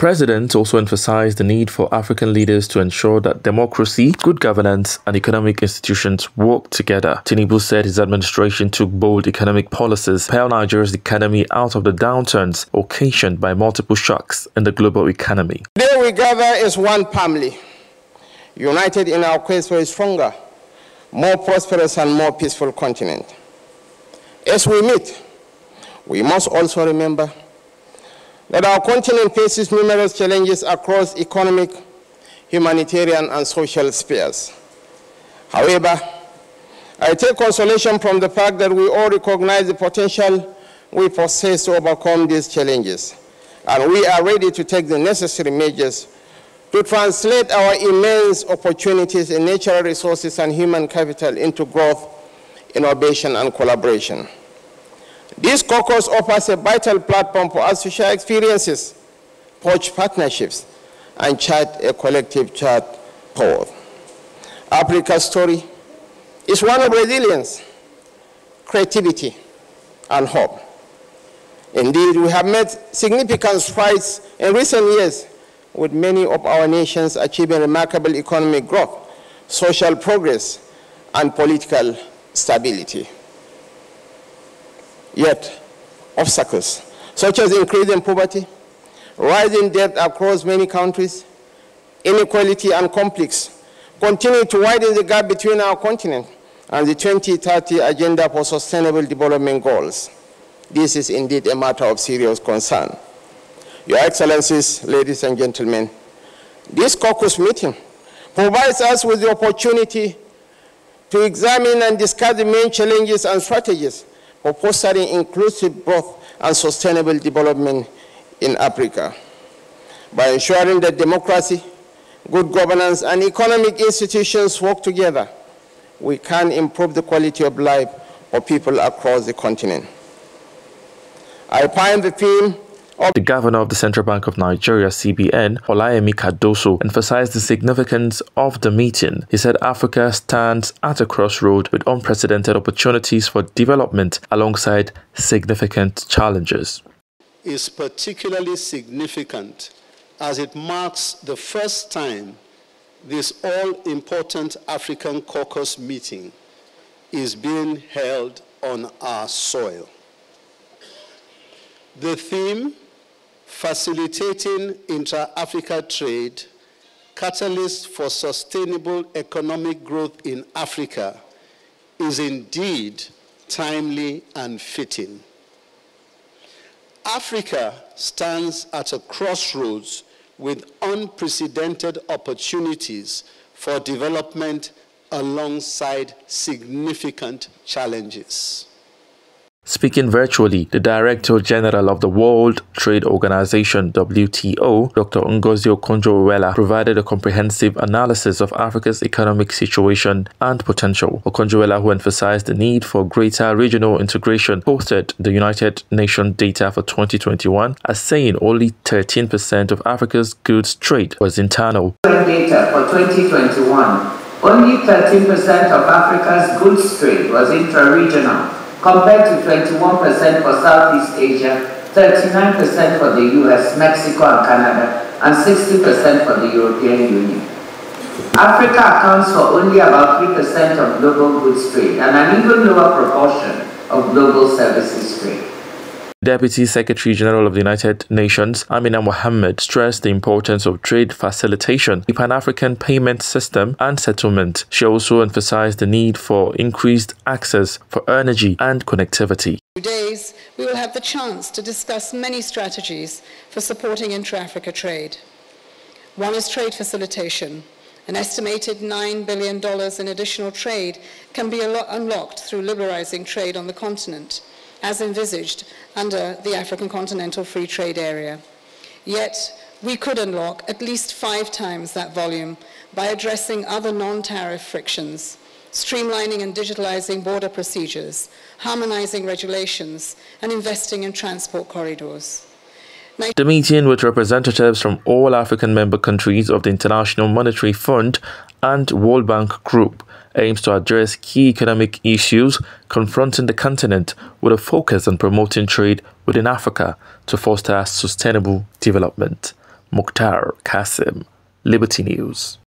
president also emphasized the need for African leaders to ensure that democracy, good governance, and economic institutions work together. Tinubu said his administration took bold economic policies to propel Nigeria's economy out of the downturns occasioned by multiple shocks in the global economy. Today we gather as one family, united in our quest for a stronger, more prosperous and more peaceful continent. As we meet, we must also remember that our continent faces numerous challenges across economic, humanitarian, and social spheres. However, I take consolation from the fact that we all recognize the potential we possess to overcome these challenges, and we are ready to take the necessary measures to translate our immense opportunities in natural resources and human capital into growth, innovation, and collaboration. This caucus offers a vital platform for us to share experiences, forge partnerships, and chart a collective chart forward. Africa's story is one of resilience, creativity, and hope. Indeed, we have made significant strides in recent years, with many of our nations achieving remarkable economic growth, social progress, and political stability. Yet, obstacles such as increasing poverty, rising debt across many countries, inequality and conflicts continue to widen the gap between our continent and the 2030 Agenda for Sustainable Development Goals. This is indeed a matter of serious concern. Your Excellencies, ladies and gentlemen, this caucus meeting provides us with the opportunity to examine and discuss the main challenges and strategies for fostering inclusive growth and sustainable development in Africa by ensuring that democracy, good governance, and economic institutions work together, we can improve the quality of life of people across the continent. I find the theme the governor of the Central Bank of Nigeria, CBN, Olayemi Kadoso, emphasized the significance of the meeting. He said Africa stands at a crossroad with unprecedented opportunities for development alongside significant challenges. Is particularly significant as it marks the first time this all-important African caucus meeting is being held on our soil. The theme facilitating intra-Africa trade, catalyst for sustainable economic growth in Africa, is indeed timely and fitting. Africa stands at a crossroads with unprecedented opportunities for development alongside significant challenges. Speaking virtually, the Director General of the World Trade Organization WTO, Dr. Ngozi Okonjo-Iweala, provided a comprehensive analysis of Africa's economic situation and potential. Okonjo-Iweala, who emphasized the need for greater regional integration, posted the United Nations data for 2021 as saying only 13% of Africa's goods trade was internal. Data for 2021, only 13% of Africa's goods trade was intra-regional compared to 21% for Southeast Asia, 39% for the US, Mexico and Canada, and 60% for the European Union. Africa accounts for only about 3% of global goods trade and an even lower proportion of global services trade. Deputy Secretary General of the United Nations, Amina Mohammed, stressed the importance of trade facilitation, the Pan African payment system, and settlement. She also emphasized the need for increased access for energy and connectivity. Days, we will have the chance to discuss many strategies for supporting intra Africa trade. One is trade facilitation. An estimated $9 billion in additional trade can be unlocked through liberalizing trade on the continent as envisaged under the African Continental Free Trade Area. Yet, we could unlock at least five times that volume by addressing other non-tariff frictions, streamlining and digitalizing border procedures, harmonizing regulations, and investing in transport corridors. The meeting with representatives from all African member countries of the International Monetary Fund and World Bank Group aims to address key economic issues confronting the continent with a focus on promoting trade within Africa to foster sustainable development. Mukhtar Kasim, Liberty News.